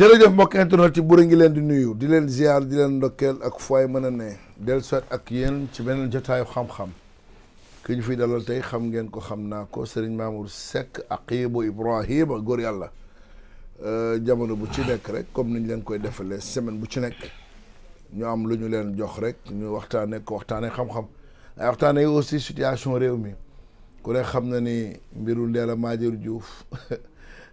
jërëjëf mbokk internet yi bur ngi leen di nuyu di leen ziar di leen ndokkeel ak fooy mën a ne del soit ak yéen ci beneen jotaayu xam-xam ki ñu fi dalal tey xam ngeen ko xam naa ko Serigne Mamour Seck Aqibu Ibrahima góor yàlla euh, jamono bu ci nekk rek comme ni ñu leen koy defalee semaine bu ci nekk ñoo am lu ñu leen jox rek ñu waxtaanee ko waxtaanee xam-xam ay waxtaanee aussi situation réew mi ku ne xam na ni mbiru Ndella Madior Diouf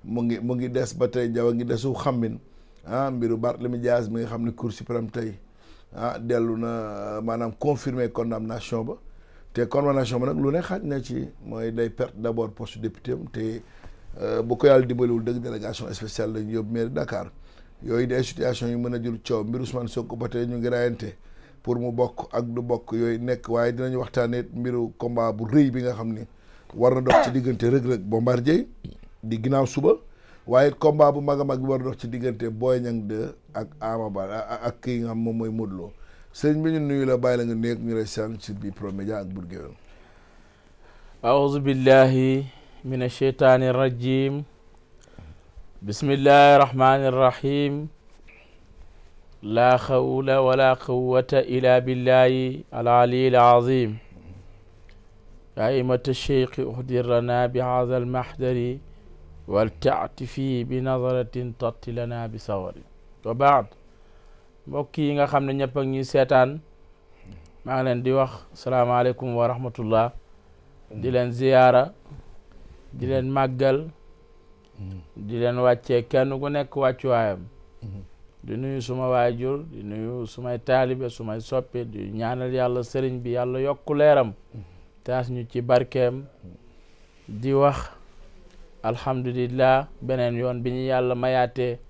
mu ngi mu ngi des ba tey jaw a ngi desu xammin ah mbiru Barthélemy Dias mi nga xam ne Cour suprême tey ah dellu na maanaam confirmer condamnation ba te condamnation ba nag lu ne xaaj na ci mooy day perte d'abord poste député am te euh, bu ko yàlla dimbaliwul dëgg délégation spéciale lañu yóbbu mairie Dakar yooyu des situations yi mën a jur coow mbiru Ousmane Sonko ba tey ñu ngi raayante pour mu bokk ak du bokk yooyu nekk waaye dinañu waxtaanee mbiru combat bu rëy bi nga xam ni war na dox ci diggante Reug Reug Bombardier di ginnaaw suba waaye combat bu mag a mag war dox ci diggante Boy Niang 2 ak Ama Baldé ak kii nga mooy Modou Lo bi ñu nuyu la bàyyi la nga néeg ñu lay ci bi promédia ak burgéwél aouzu billahi min asheytaani rajim bismillahi rahmani rahim laa xawla wala quwata ila billahi alali alazim yaa imata cheikhi uhdir lana bi haza almahdari waltaatifi bi nazaratin totti lana bi sawari wa baad mbokk yi nga xam ne ñëpp ak ñuy seetaan maa ngi leen di wax salaamaaleykum wa rahmatullah di leen ziyaara di leen màggal di leen wàccee kenn ku nekk wàccuwaayam di nuyu suma waajur di nuyu sumay taalibe sumay soppe di ñaanal yàlla sëriñ bi yàlla yokku leeram taas ñu ci barkeem di wax alhamdulillah beneen yoon bi ñu yàlla mayaatee mm.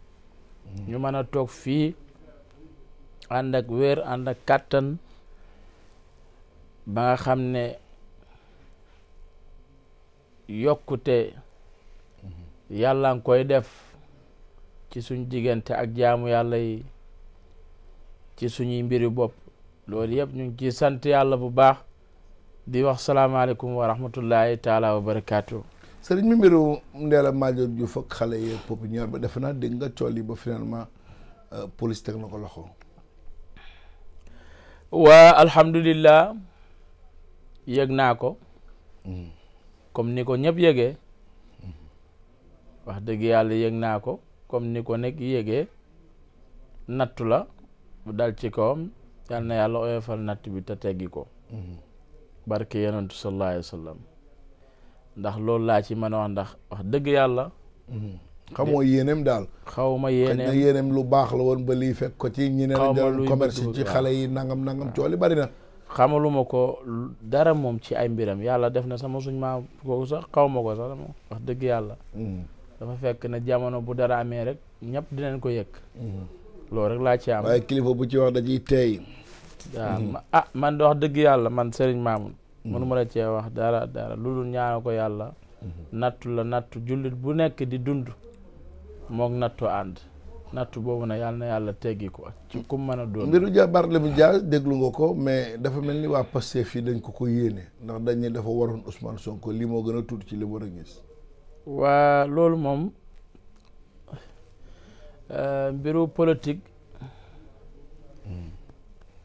ñu mën a toog fii ànd ak wér ànd ak kàttan ba nga xam ne yokkute mm-hmm. yàlla nga koy def ci suñ diggante ak jaamu yàlla yi ci suñuy mbiri bopp loolu yëpp ñu ngi sant yàlla bu baax di wax salaamaaleykum wa rahmatullahi taala wa barakaatu. sëriñ mi mbiru Ndella Madior Diouf ak xale yi Pépinière ba defe naa dégg nga tool yi ba finalement euh, police teg na ko loxo. waa alhamdulilah yëg naa ko. Hmm. comme ni ko ñëpp yëgee. wax dëgg yàlla yëg naa ko comme ni ko nekk yëgee nattu la bu dal ci kawam yal na yàlla oyofal natt bi te teggi ko. Hmm. barke yonentu sallallahu alayhi wa ndax loolu laa ci mën a wax ndax wax dëgg yàlla. Hmm. xamoo yéeneem daal. xaw ma yéeneem xëy na lu baax la woon ba lii fekk ko ci ñi ne la commerce ci xale yi nangam nangam cool yi bari na. xamaluma ko dara moom ci ay mbiram yàlla def na sama suñ maa kooku sax xaw ko sax wax dëgg yàlla. Hmm. dafa fekk ne jamono bu dara amee rek ñëpp dinañ ko yëg. Hmm. loolu rek laa ci am. waaye kilifa bu ci wax da ciy teey. ah man de wax dëgg yàlla man Serigne maamul Mm-hmm. mënuma la cee wax dara lu dul ñaana ko yàlla mm-hmm. nattu la nattu jullit bu nekk di dund mook nattu ànd nattu boobu na yàlla na yàlla teggi ko ci ku mën a doon mbiru ja Barthélémy Dias déglu nga ko mais dafa mel ni waa Pastef fii dañ ko ko yéene ndax dañ ne dafa waroon Ousmane sonk lii moo gën a tuuti ci li war a gis waa loolu moom euh, mbiru politique mm.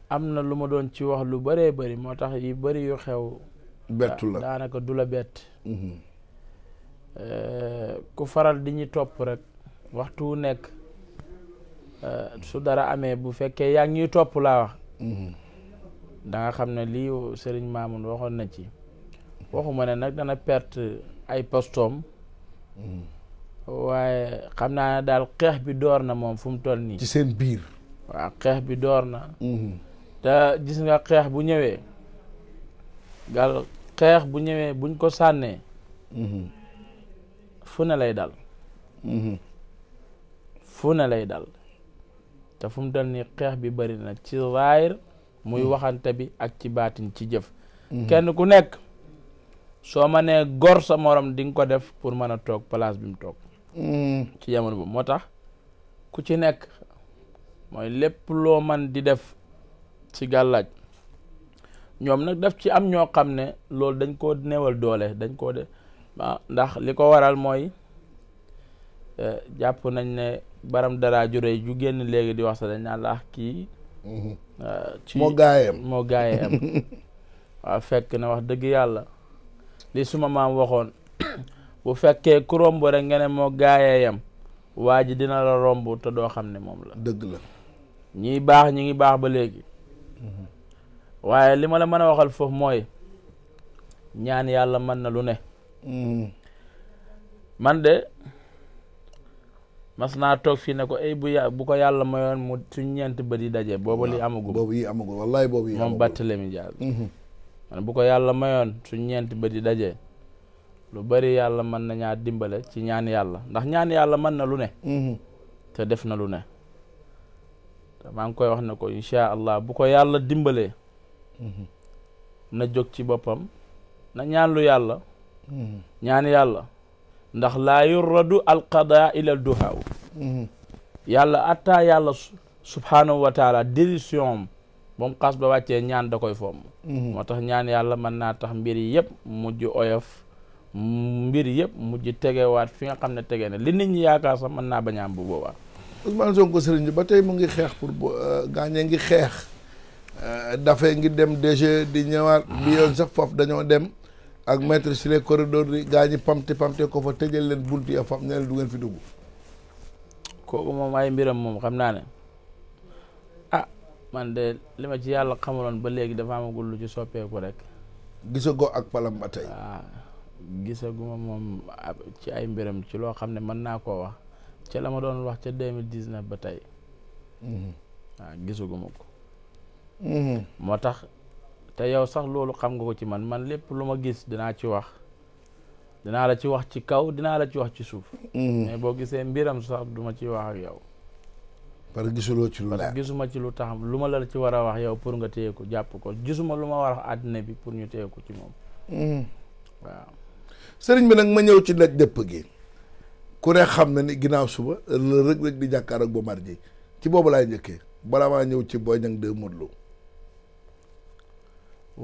am na lu ma doon ci wax lu baree bari moo tax yi bëri yu xew. bettu la daanaka du la bett. Mm-hmm. Eh, ku faral di ñu topp rek waxtu wu nekk eh, su dara amee bu fekkee yaa ngi topp laa wax. Mm-hmm. da xam ne lii Serigne Mamoun waxoon na ci waxuma ne nag dana perte ay postom mm-hmm. waaye xam naa ne daal xeex bi door na moom fu mu toll nii. ci seen biir. waaw xeex bi door na. te gis nga xeex bu ñëwee gal xeex bu ñëwee buñ ko sànnee mhm. fu ne lay dal mhm. fu ne lay dal te fum mu dal ni xeex bi bëri na ci zaahir muy mhm. waxante bi ak ci baatin ci jëf kenn ku nekk soo ma nee gor sa morom di nga ko def pour mën a toog palaas bi mu toog ci jamono boobu moo tax ku ci nekk mooy lépp loo man di def si gàllaaj ñoom nag def ci am ñoo xam ne loolu dañ koo néewal doole dañ koo de ah, ndax li ko waral mooy eh, jàpp nañ ne baram dara ju rëy ju génn léegi di wax sax dañ naan laax ah, kii mhm. ah, ci moo gaayam moo fekk na wax dëgg yàlla li suma maam waxoon bu fekkee ku romb rek nga moo gaayayam waa ji dina la romb te doo xam ne moom la dëgg la ñiy baax ñi ngi baax ba léegi Mhm. waaye li ma mën a waxal foofu mooy ñaan yàlla mën na lu ne mhm. man de mas naa toog fii ne ko ay bu ya bu ko yàlla mayoon mu suñ ñeent bët yi daje boobu li amagul boobu yi amagul moom Barthélémy Dias mhm. man bu ko yàlla mayoon suñ ñeent bët yi daje lu bari yàlla mën na ñaa dimbale ci ñaan yàlla ndax ñaan yàlla mën na lu ne te def na lu ne maa ngi koy wax na ko incha allah bu ko yàlla dimbalee mhm. na jóg ci boppam na ñaan lu yàlla mhm. ñaan yàlla ndax laa yurradu alqada ila duhaaw mhm. yàlla attaa yàlla subhaanahu wa taala décision ba mu xas ba wàccee ñaan da koy fomm moo tax ñaan yàlla mën naa tax mbir yëpp mujj oyof mbir yëpp mujj tegewaat fi nga xam ne tege ne li nit ñi yaakaar sax mën naa bañaam bu boobaa Ousmane Sonko sëriñ bi ba tey mu ngi xeex pour bu euh, ngi xeex euh, dafee ngi dem DG di ñëwaat ah. bi yoon sax foofu dañoo dem ak ah. maître si les corridors yi gaañi pamte pamte ko fa tëjal leen fi dugg kooku moom ay mbiram moom xam naa ne ah man de li ma ci yàlla xamaloon ba léegi dafa amagul lu ci soppeeku rek gisagoo ak palam ba tey waaw ah, gisaguma moom ci ay mbiram ci loo xam ne mën naa koo wax ca la ma doon wax ca deux mille dix neuf ba tey. Mhm. waaw gisuguma ko. Mhm. moo tax te yow sax loolu xam nga ko ci man man lépp lu ma gis dinaa ci wax dinaa la ci wax ci kaw dinaa la ci wax ci suuf. Mhm. mais boo gisee mbiram sax duma ci wax ak yow. parce que gisuloo ci lu la parce gisuma ci lu tax lu ma la ci war a wax yow pour nga téye ko jàpp ko gisuma lu ma war a àddina bi pour ñu téye ko ci moom. waaw. sëriñ bi nag ma ñëw ci daj dëpp gi. ku ne xam na ni ginnaaw suba la rëg-rëg di jàkkaar ak Bombardier ci boobu laay njëkkee balaa maa ñëw ci Boy Niang 2 Modou Lo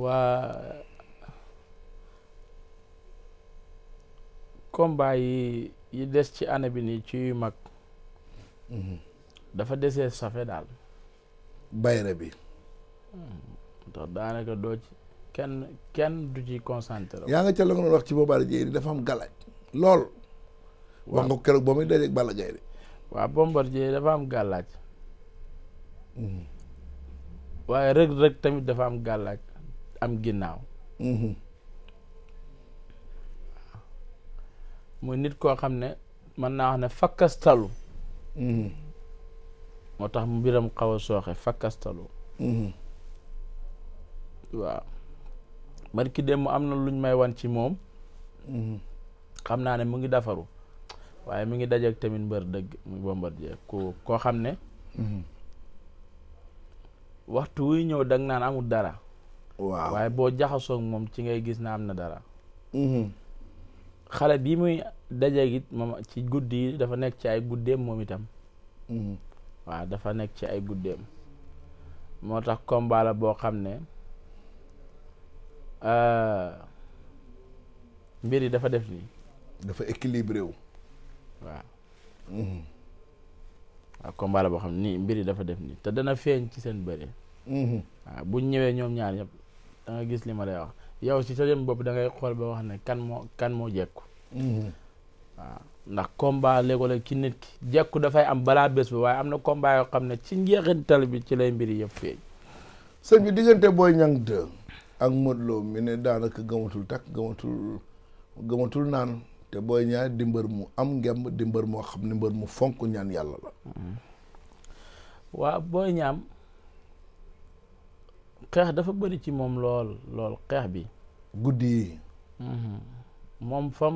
waa combat yi des ci année bi nii ci yu mag mhm. dafa desee safe daal bayre bi ndax hmm. daanaka doo ci kenn kenn du ci concentré yaa nga ca la nga doon wax ci Bombardier dafa am galaaj lool wax nga keroog boo may dajeeg Balla Gaye dafa am gàllaaj mm-hmm. waaye Reug Reug tamit dafa am gàllaaj am ginnaaw. Mm-hmm. muy nit koo xam ne mën naa wax ne fakkastalu. Mm-hmm. moo tax mbiram xaw a sooxe fakkastalu. waaw man ki dem mu am na luñ may wan ci moom. xam naa ne mu ngi defaru waaye mi ngi dajeek tamit mbër dëgg muy Bombardier ku koo xam ne mhm. waxtu wuy ñëw dag naan amul dara waaw waaye boo jaxasoog moom ci ngay gis na am na dara mhm. xale bi muy dajeeg it moom ci guddi yi dafa nekk ci ay guddeem moom itam mhm. waa dafa nekk ci ay guddeem moo tax combat boo xam ne euh, mbir yi dafa def nii dafa équilibré wu waaw mhm. waaw combat la boo xam nii mbir yi dafa def nii te dana feeñ ci seen bëri mhm. waaw buñ ñëwee ñoom ñaar ñëpp da gis li ma lay wax yow si sa jëm bopp da xool ba wax ne kan moo kan moo jekku mhm. waaw ndax combat léeg-léeg ci nit ki jekku dafay am balaa bés ba waaye am na combat yoo xam ne ci njeexintal bi ci lay mbir yëpp feeñ sëñ bi diggante Boy Niang 2 ak Modou Lo mi ne daanaka gëmatul takk gëmatul gëmatul naan te booy Niang di mbër mu am ngemb di mbër moo xam ne mbër mu fonk ñaan yàlla la waaw Boy Niang xeex dafa bari ci moom lool lool xeex bi guddi yi mhm. moom fam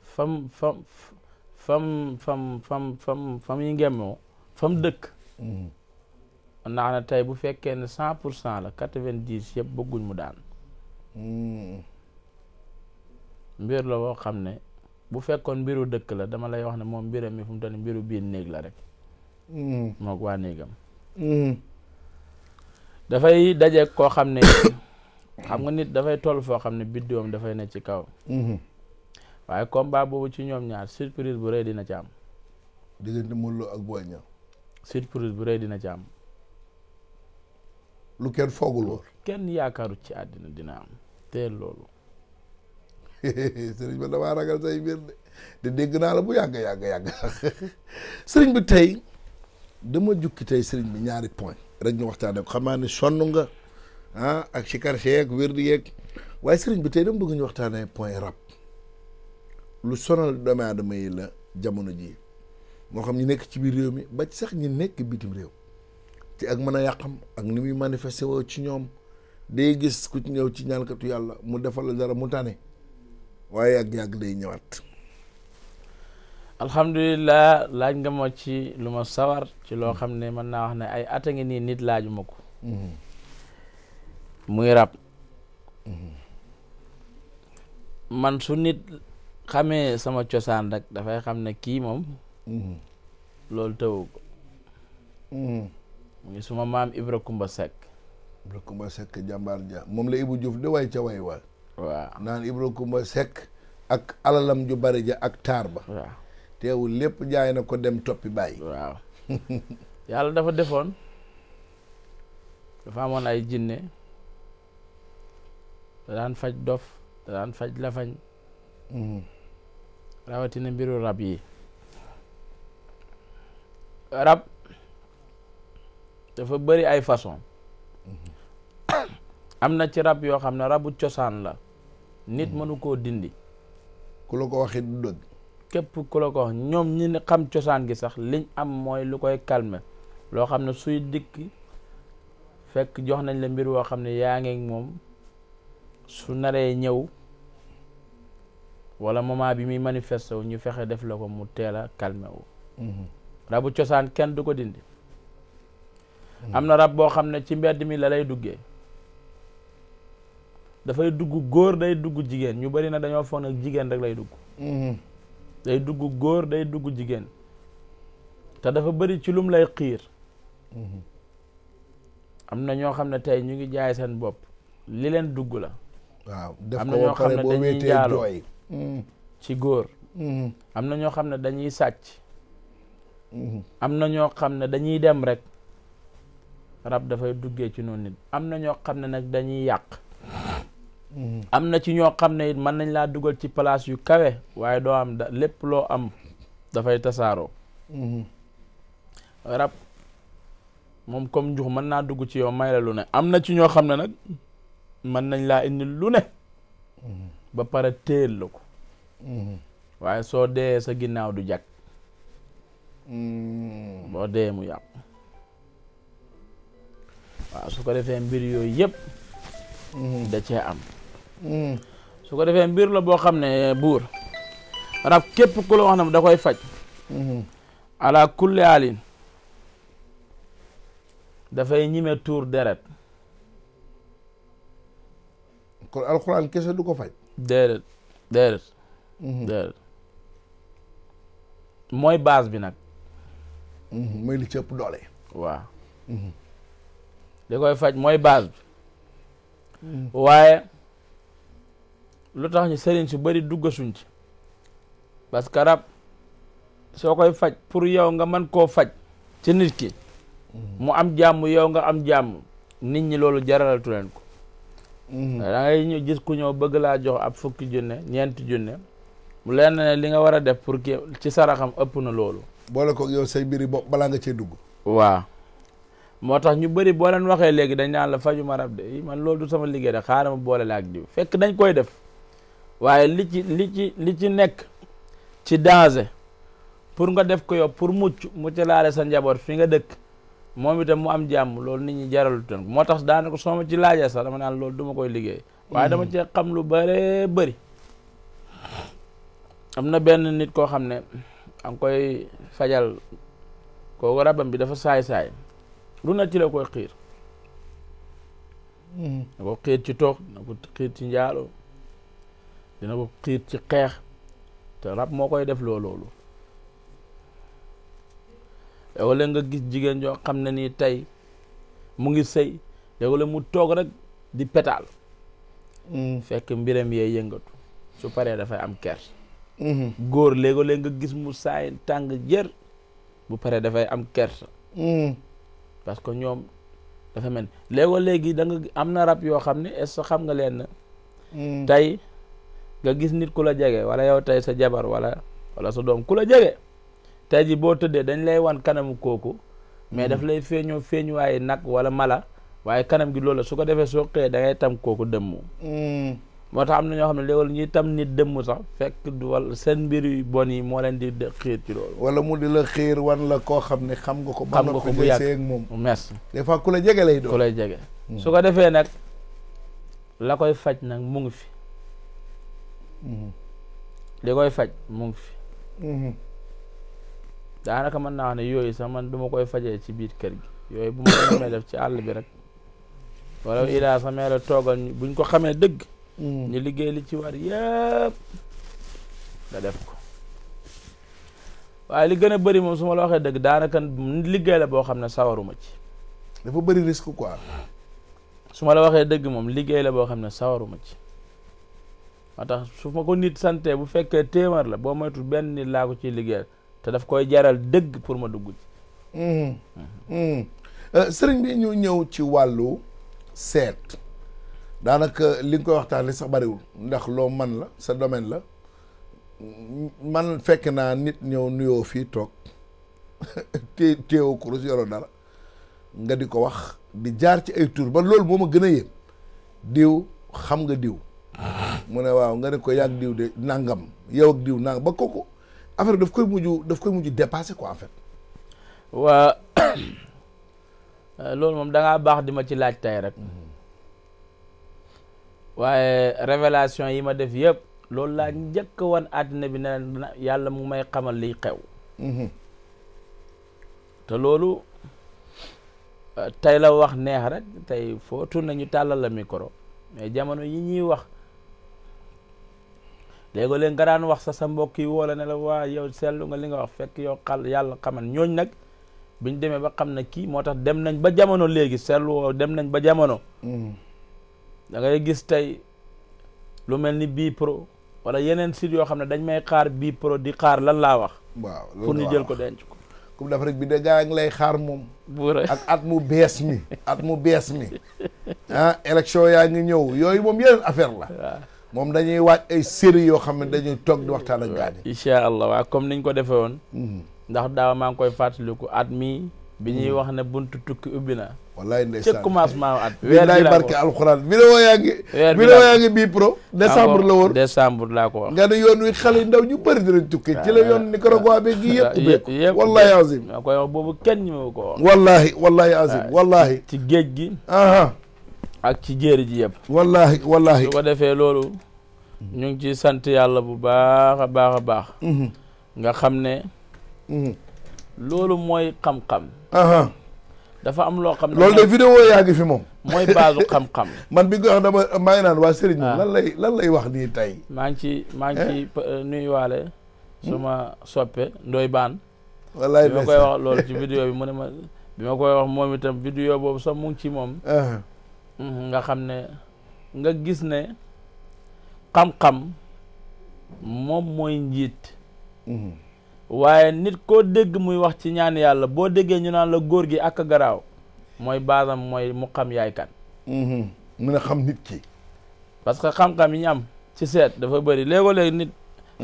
fam fam fam fam fam fam fam fam yi ngemoo fam dëkk mhm. naa na tey bu fekkee ne cent pour cent la quatre-vingt-dix yëpp bëgguñ mu daan mhm. mbir la woo xam ne bu fekkoon mbiru dëkk la dama lay wax ne moom mbiram mi fu mu toll mbiru biir néeg la rek. Mm. moog waa néegam. Mm. dafay daje koo xam ne xam nga nit dafay toll foo xam ne biddiwam dafay ne ci kaw. Mm-hmm. waaye combat boobu ci ñoom ñaar surprise bu dina ci am. diggante Modou ak Boy Niang. surprise bu rëy dina ci am. lu kenn foogul woon. kenn yaakaaru ci àddina dina am te loolu. sëriñ ba damaa ragal say mbir de te dégg naa la bu yàgg yàgg yàgg sëriñ bi tey dama jukki tey sëriñ bi ñaari point rek ñu waxtaanee ko xam naa ne sonn nga ah ak si quartier yeeg wér di yeeg waaye sëriñ bi tey dama bëgg ñu waxtaanee point rab lu sonal doomu aadama yi la jamono ji moo xam ñu nekk ci biir réew mi ba ci sax ñu nekk bitim réew te ak mën a yàqam ak ni muy manifesté woo ci ñoom day gis ku ci ñëw ci ñaankatu yàlla mu defal la dara mu tane. waaye yàgg-yàgg day ñëwaat alhamdulilah laaj nga ma ci lu ma sawar ci loo xam ne mën naa wax ne ay at a ngi nii nit laaju ma ko mm-hmm. muy ràbb mm-hmm. man su nit xamee sama cosaan rek dafay xam ne kii moom mm-hmm. loolu tëwu ko mu ngi suma maam Ibra Kumba Seck Ibra Kumba Seck jambaar ja moom la Ibu Diouf de waay ca waay waay waaw naan Ibro Kumba Seck ak alalam ju bari ja ak taar ba waaw teewul lépp jaay na ko dem toppi bàyyi waaw yàlla dafa defoon dafa amoon ay jinne da daan faj dof da daan faj lafañ mm-hmm. rawatina mbiru rab yi rab dafa bari ay façon mm-hmm. am na ci rab yoo xam ne rabu cosaan la nit hmm. mënu koo dindi ku la ko waxee du dëgg képp ku la ko wax ñoom ñi xam cosaan gi sax liñ am mooy lu koy calmer loo xam ne suy dikk fekk jox nañ la mbir woo xam ne yaa ngi moom su naree ñëw wala moment bi muy manifesté wu ñu fexe def la ko mu teel a calmer hmm. rabu cosaan kenn du ko dindi hmm. am na rab boo xam ne ci mbedd mi la lay duggee dafay dugg góor day dugg jigéen ñu bari na dañoo foog nag jigéen rek lay dugg mhm. day dugg góor day dugg jigéen te dafa bari ci lum lay xiir mhm. am na ñoo xam ne tey ñu ngi jaay seen bopp li leen dugg la waaw am na ñoo xam ne dañuy mhm. ci góor am na ñoo xam ne dañuy sàcc am na ñoo xam ne dañuy dem rek rab dafay duggee ci noonu nit am na ñoo xam ne nag dañuy yàq am na ci ñoo xam ne it mën nañ laa dugal ci place yu kawe waaye doo am da lépp loo am dafay tasaaroo rab moom comme njux mën naa dugg ci yow may la lu ne am na ci ñoo xam ne nag mën nañ laa indi lu ne ba pare téel la ko waaye soo dee sa ginnaaw du jag boo dee mu yàqu waaw su ko defee mbir yooyu yëpp da cee am su ko defee mbir la boo xam ne buur rab képp ku la wax ne da koy faj ala kulli alin dafay ñime tuur deret kon alxuraan kese du ko faj déedéet déedéet mhm. mooy base bi nag mhm, mooy li ci doole waaw mhm. li koy faj mooy base bi waaye lu tax ñu sëriñ su bëri duggasuñ ci parce que rab soo koy faj pour yow nga man koo faj ci nit ki mu am jàmm yow nga am jàmm nit ñi loolu jaralatu leen ko mhm. da ñu gis ku ñëw bëgg laa jox ab fukki junne ñeenti junne mu leen ne li nga war a def pour ki ci saraxam ëpp na loolu boole ko yow say mbiri bopp balaa nga cee dugg waa moo tax ñu bëri boo leen waxee léegi dañ naan la fajuma rab de man loolu du sama liggéey de xaaral ma boole laa ak diw fekk dañ koy def waaye li ci li ci li ci nekk ci danger pour nga def ko yow pour mucc mu ci sa njaboot fi nga dëkk moom itam mu am jàmm lool nit ñi jaralu tan moo tax daanaka soo ma ci laajee sax dama naan lool duma ma koy liggéey mm. waaye dama cee xam lu bare bari am na benn nit koo xam ne am koy fajal kooku rabam bi dafa saay-saay lu na ci la koy xiir mm. na ko xiir ci toog na ko xiir ci njaalo dina ko xiir ci xeex te rab moo koy def loo loolu wala nga gis jigéen joo xam ne nii tey mu ngi sëy wala mu toog rek di pétaal mm. fekk mbiram yee yëngatu su paree dafay am ker mm-hmm. góor léegoo-léeg nga gis mu saay tàng jër bu paree dafay am kersa mm. parce que ñoom dafa mel léegoo léegi da am na rab yoo xam ne est-ce xam nga leen na mm. nga gis nit ku la jege wala yow tey sa jabar wala wala sa doom ku la jege tey ji boo tëddee dañ lay wan kanamu kooku mais daf hmm. lay feeñoo feeñuwaaye nag wala mala waaye kanam gi loolu su ko defee soo xëyee da ngay tam kooku dëmm hmm. moo tax am na ñoo xam ne léegi ñuy tam nit dëmm sax fekk du wala seen mbir yu bon yi moo leen di xiir ci wala mu di la xiir wan la koo xam ne xam nga ko ba nga ko bu yàgg moom merci des fois ku la jege lay doon ku lay jege hmm. su ko defee nag la koy faj nag mu ngi fi li koy faj mu fi fi mm-hmm. daanaka mën naa wax ne yooyu sax duma koy fajee ci biir kër gi yooyu bu ma ko namee def ci àll bi rek wala ilaa sa mee la toogal buñ ko xamee dëgg mm-hmm. ñu liggéey li ci war yëpp nga def ko waaye li gën a bëri moom suma la waxee dëgg daanaka liggéey la boo xam ne sawaruma ci dafa bëri risque quoi su ma la waxee dëgg moom liggéey la boo xam ne sawaruma ci moo tax su ma nit sante bu fekkee téeméer la boo benn nit laa ko ciy te daf koy jaral dëgg pour ma dugg ci hmm. Hmm. Hmm. Euh, ñëw ci wàllu seet daanaka li nga koy waxtaan li sax ndax loo man la sa domaine la man fekk naa nit ñëw nuyoo fii toog té téewu kurus yoroo dara nga di ko wax di jaar ci ay tur ba loolu moo ma gën a yéem diw xam nga diw mu ne waaw nga ne ko yàgg diw de nangam yow ak diw nangam ba ko affaire daf koy mujj daf ko mujj dépassé quoi en waa loolu moom da baax di ma ci laaj tey rek. Mhm. waaye révélation yi ma def yëpp loolu laa njëkk wan àddina bi ne yàlla mu may xamal liy xew mhm. te loolu tey la wax neex rek tey foo tur nañu tàllal la micro mais jamono yi ñuy wax léegoo leen nga daan wax sa sa mbokk yi woo la ne la waa yow seetlu nga li nga wax fekk yow xal yàlla xaman ñooñ nag biñ demee ba xam ne kii moo tax dem nañ ba jamono léegi seetlu dem nañ ba jamono mm. dangay gis tey lu mel ni bii pro wala yeneen site yoo xam ne dañ may xaar bii pro di xaar lan laa wax waaw pour ñu jël ko denc ko coupe d'Afrique bi gaa ngi lay xaar moom ak at mu bees mi at mu bees mi election ah, yaa ngi ñëw yooyu moom yeneen affaire la moom dañuy waaj ay série yoo xam ne dañuy toog di waxtaan ak gaañ incha allah waaw comme niñ ko defe woon hmm. ndax daaw maa ngi koy fàttaliku at mi bi ñuy hmm. wax ne buntu tukki ubbi na wallaay ndeysaan ca commencement at weer bi laa barke alxuraan vidéo yaa ngi vidéo yaa pro ah, décembre la woon décembre laa ko wax nga yoon wi xale ndaw ñu bëri dinañ tukki ah. ci la yoon Nicaragua bi gi yëpp ubbeeku wallahi azim maa koy boobu kenn ñu ma ko wax wallahi wallahi azim ah, wallahi ci géej gi ak ci jéeri ji yépp wallahi wallahi su ko defee loolu ñu ngi ciy sant yàlla bu baax a baax a baax mhm. nga xam ne mhm. loolu mooy xam-xam dafa am loo xam ne loolu de vidéo yaa ngi fi moom mooy baasu xam-xam man bi nga wax dama maa ngi naan ah. lan lay wax nii tey maa ngi ci maa ngi ci eh? euh, nuyuwaale suma soppe ndoy baan wallaay bi ma koy wax lool ci vidéo bi mu ne ma bi ma koy wax moom itam vidéo boobu sax mu ci moom Mhm, nga xam ne nga gis ne xam-xam moom mooy njiit mhm. waaye nit koo dégg muy wax ci ñaan yàlla boo déggee ñu naan la góor gi ak garaaw mooy baasam mooy mu xam yaay kan mhm. mën a xam nit ki parce que xam-xam yi ñu am ci seet dafa bëri léegoo-léegi nit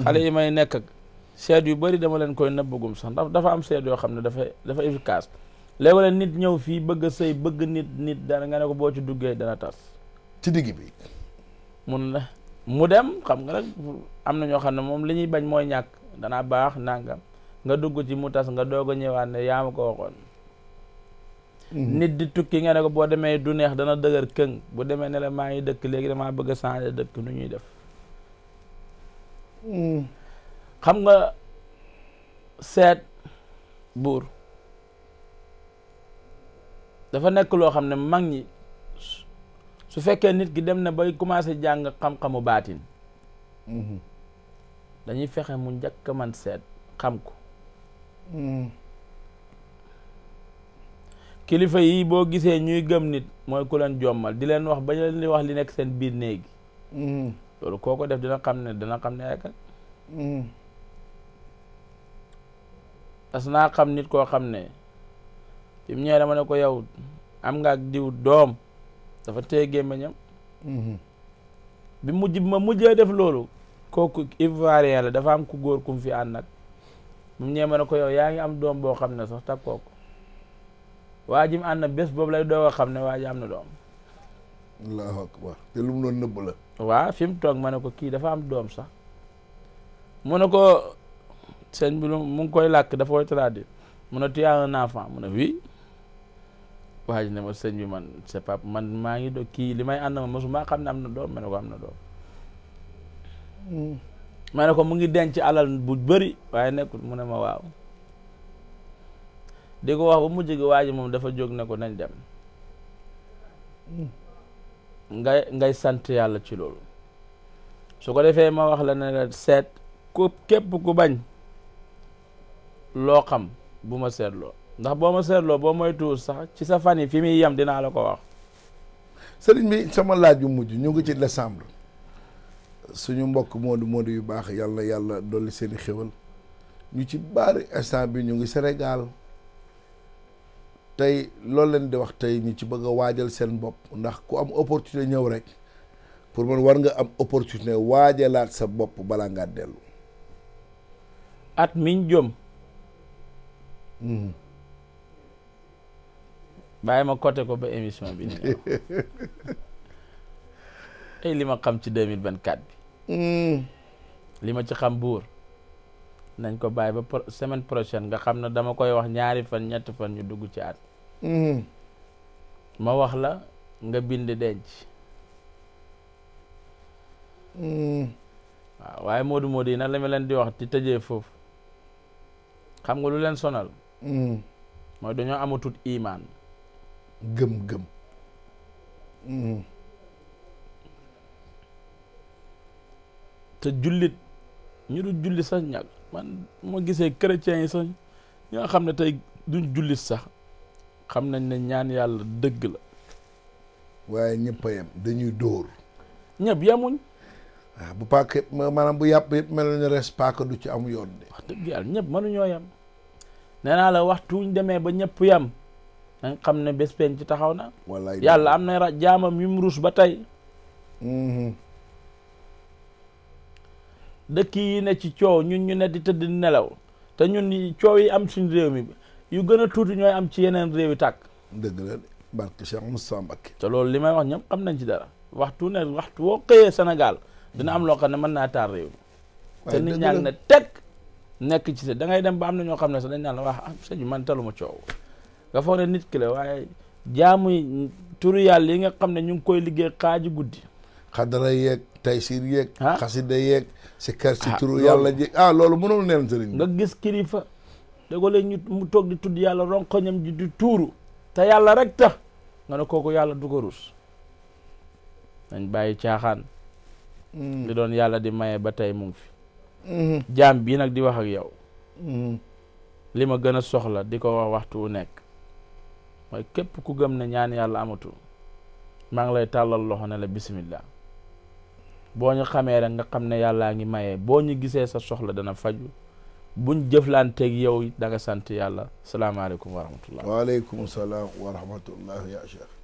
xale yi may nekk ak seet yu bari dama leen koy nëbbagum sax ndax dafa am seet yoo xam ne dafa dafa efficace léeg-léeg nit ñëw fii bëgg sëy bëgg nit nit dana nga ne ko boo ci duggee dana tas. ci digg bi. mun na mu dem xam nga nag am na ñoo xam ne moom li ñuy bañ mooy ñàkk danaa baax nangam nga dugg ci mu tas nga doog a ñëwaat ne yaa ko waxoon. Mhm. nit di tukki nga ne ko boo demee du neex dana dëgër këng bu demee ne la maa ngi dëkk léegi damaa bëgg a changer dëkk nu ñuy def. Mhm. xam nga seet buur. dafa nekk loo xam ne mag ñi su fekkee nit ki dem na ba commencé jàng xam-xamu baatin mhm. dañuy fexe mu njëkk man seet xam ko mhm. kilifa yi boo gisee ñuy gëm nit mooy ku leen jommal di leen wax ba leen di wax li nekk seen biir néegi mhm. loolu koo def dina xam ne dina xam ne ay kan naa xam nit koo xam ne bi mu ñëwee dama ne ko yow am nga ak diw doom dafa téye gémmiñam mhm. bi mujj bi ma mujjee def loolu kooku ivoirien la dafa am ku góor kum fi ànd nag bi mu ñëwee ma ne ko yow yaa ngi am doom boo xam ne sax tak kooku waa ji mu ànd na bés boobu lay doo a xam ne waa ji am na doom allahu akbar te lu fi mu toog ma ne ko kii dafa am doom sax mu ne ko seen bi mu ngi koy làkk dafa koy traduire mu ne tu as un enfant mu ne oui waaj ji ne ma sëñ bi man c'est man maa ngi do kii li may ànd ma mosuma xam ne am na doom ma ne am na doom hmm. ma ne ko mu ngi denc alal bu bëri waaye nekkul mu ne ma waaw di ko wax ba mujj gi waa ji moom dafa jóg ne ko nañ dem hmm. ngay ngay sant yàlla ci loolu su ko defee ma wax la ne seet ku képp ku bañ loo xam bu ma seetloo ndax boo ma seetloo boo moytuwul sax ci sa fan yi fi muy yem dinaa la ko wax. sëriñ bi sama laaj bu mujj ñu ngi ci décembre suñu mbokk moodu moodu yu baax yàlla yàlla dolli seen i ñu ci baari instant bi ñu ngi Sénégal tey loolu leen di wax tey ñu ci bëgg a waajal seen bopp ndax ku am opportunité ñëw rek pour man war nga am opportunité waajalaat sa bopp balaa ngaa dellu. at miñ jom hmm. bàyyi ma côté ko ba émission bi nii ay li ma xam ci deux mille vingt quatre bi. Hmm. li ma ci xam buur nañ ko bàyyi ba pro semaine prochaine nga xam na dama koy wax ñaari fan ñett fan ñu dugg ci at. Hmm. ma wax la nga bind denc. Hmm. waaw waaye Modou Modou yi nag la ma leen di wax di tëjee foofu xam nga lu leen sonal. mooy dañoo amatut imaan. gëm-gëm mm. te jullit ñu du jullit sax ñàkk man moo gisee chrétiens yi sax ñoo xam ne tey duñ jullit sax xam nañ ne ñaan yàlla dëgg la waaye ñëpp a dañuy dóor ñëpp yemuñ waaw ah, bu paak yëpp maanaam bu yàpp yëpp mel ni res paaka du ci am yoon de wax dëgg yàlla ñëpp mënuñoo yem nee naa la waxtu ñu demee ba ñëpp yem nañ xam ne bés ci taxaw na. wallaay yàlla am na jaamam yu mu ruus ba tey. Mm-hmm. dëkk yi ne ci coow ñun ñu ne di tëdd nelaw te ñun coow yi am suñ réew mi yu gën a tuuti ñooy am ci yeneen réew yi tàkk. dëgg la barke Cheikh Moussa Mbacké. te loolu li may wax ñëpp xam nañ ci dara waxtu ne waxtu woo xëyee senegal dina am loo xam ne mën naa taar réew mi. te nit ñaa ngi ne teg nekk ci sa da ngay dem ba am na ñoo xam ne sax dañ naan la wax ah sëñ man taluma coow. nga nit ki la waaye jaamu turu yi nga xam ne ñu ngi koy liggéey xaaju guddi xadara yeeg taysiir yeeg ah. xasida yeeg si si ah, turu yàlla ah, loolu mënul neen sëriñ nga gis kilifa dégoo leen mu toog di tudd yàlla ronkoñam ji di tuuru te yàlla rek tax nga ne kooku yàlla du ko rus dañ bàyyi caaxaan mm. li doon yàlla di maye ba tey mu fi mm-hmm. jaam bii nag di wax ak yow mm-hmm. li ma gën a soxla di ko wax waxtu wu nekk mooy képp ku gëm na ñaan yàlla amatul maa ngi lay tàllal loxo ne la bisimilah boo ñu xamee rek nga xam ne yàllaa ngi maye boo ñu gisee sa soxla dana faju buñ jëflanteeg yow da sant yàlla salaamaaleykum wa rahmatullah waaleykum salaam wa rahmatullah ya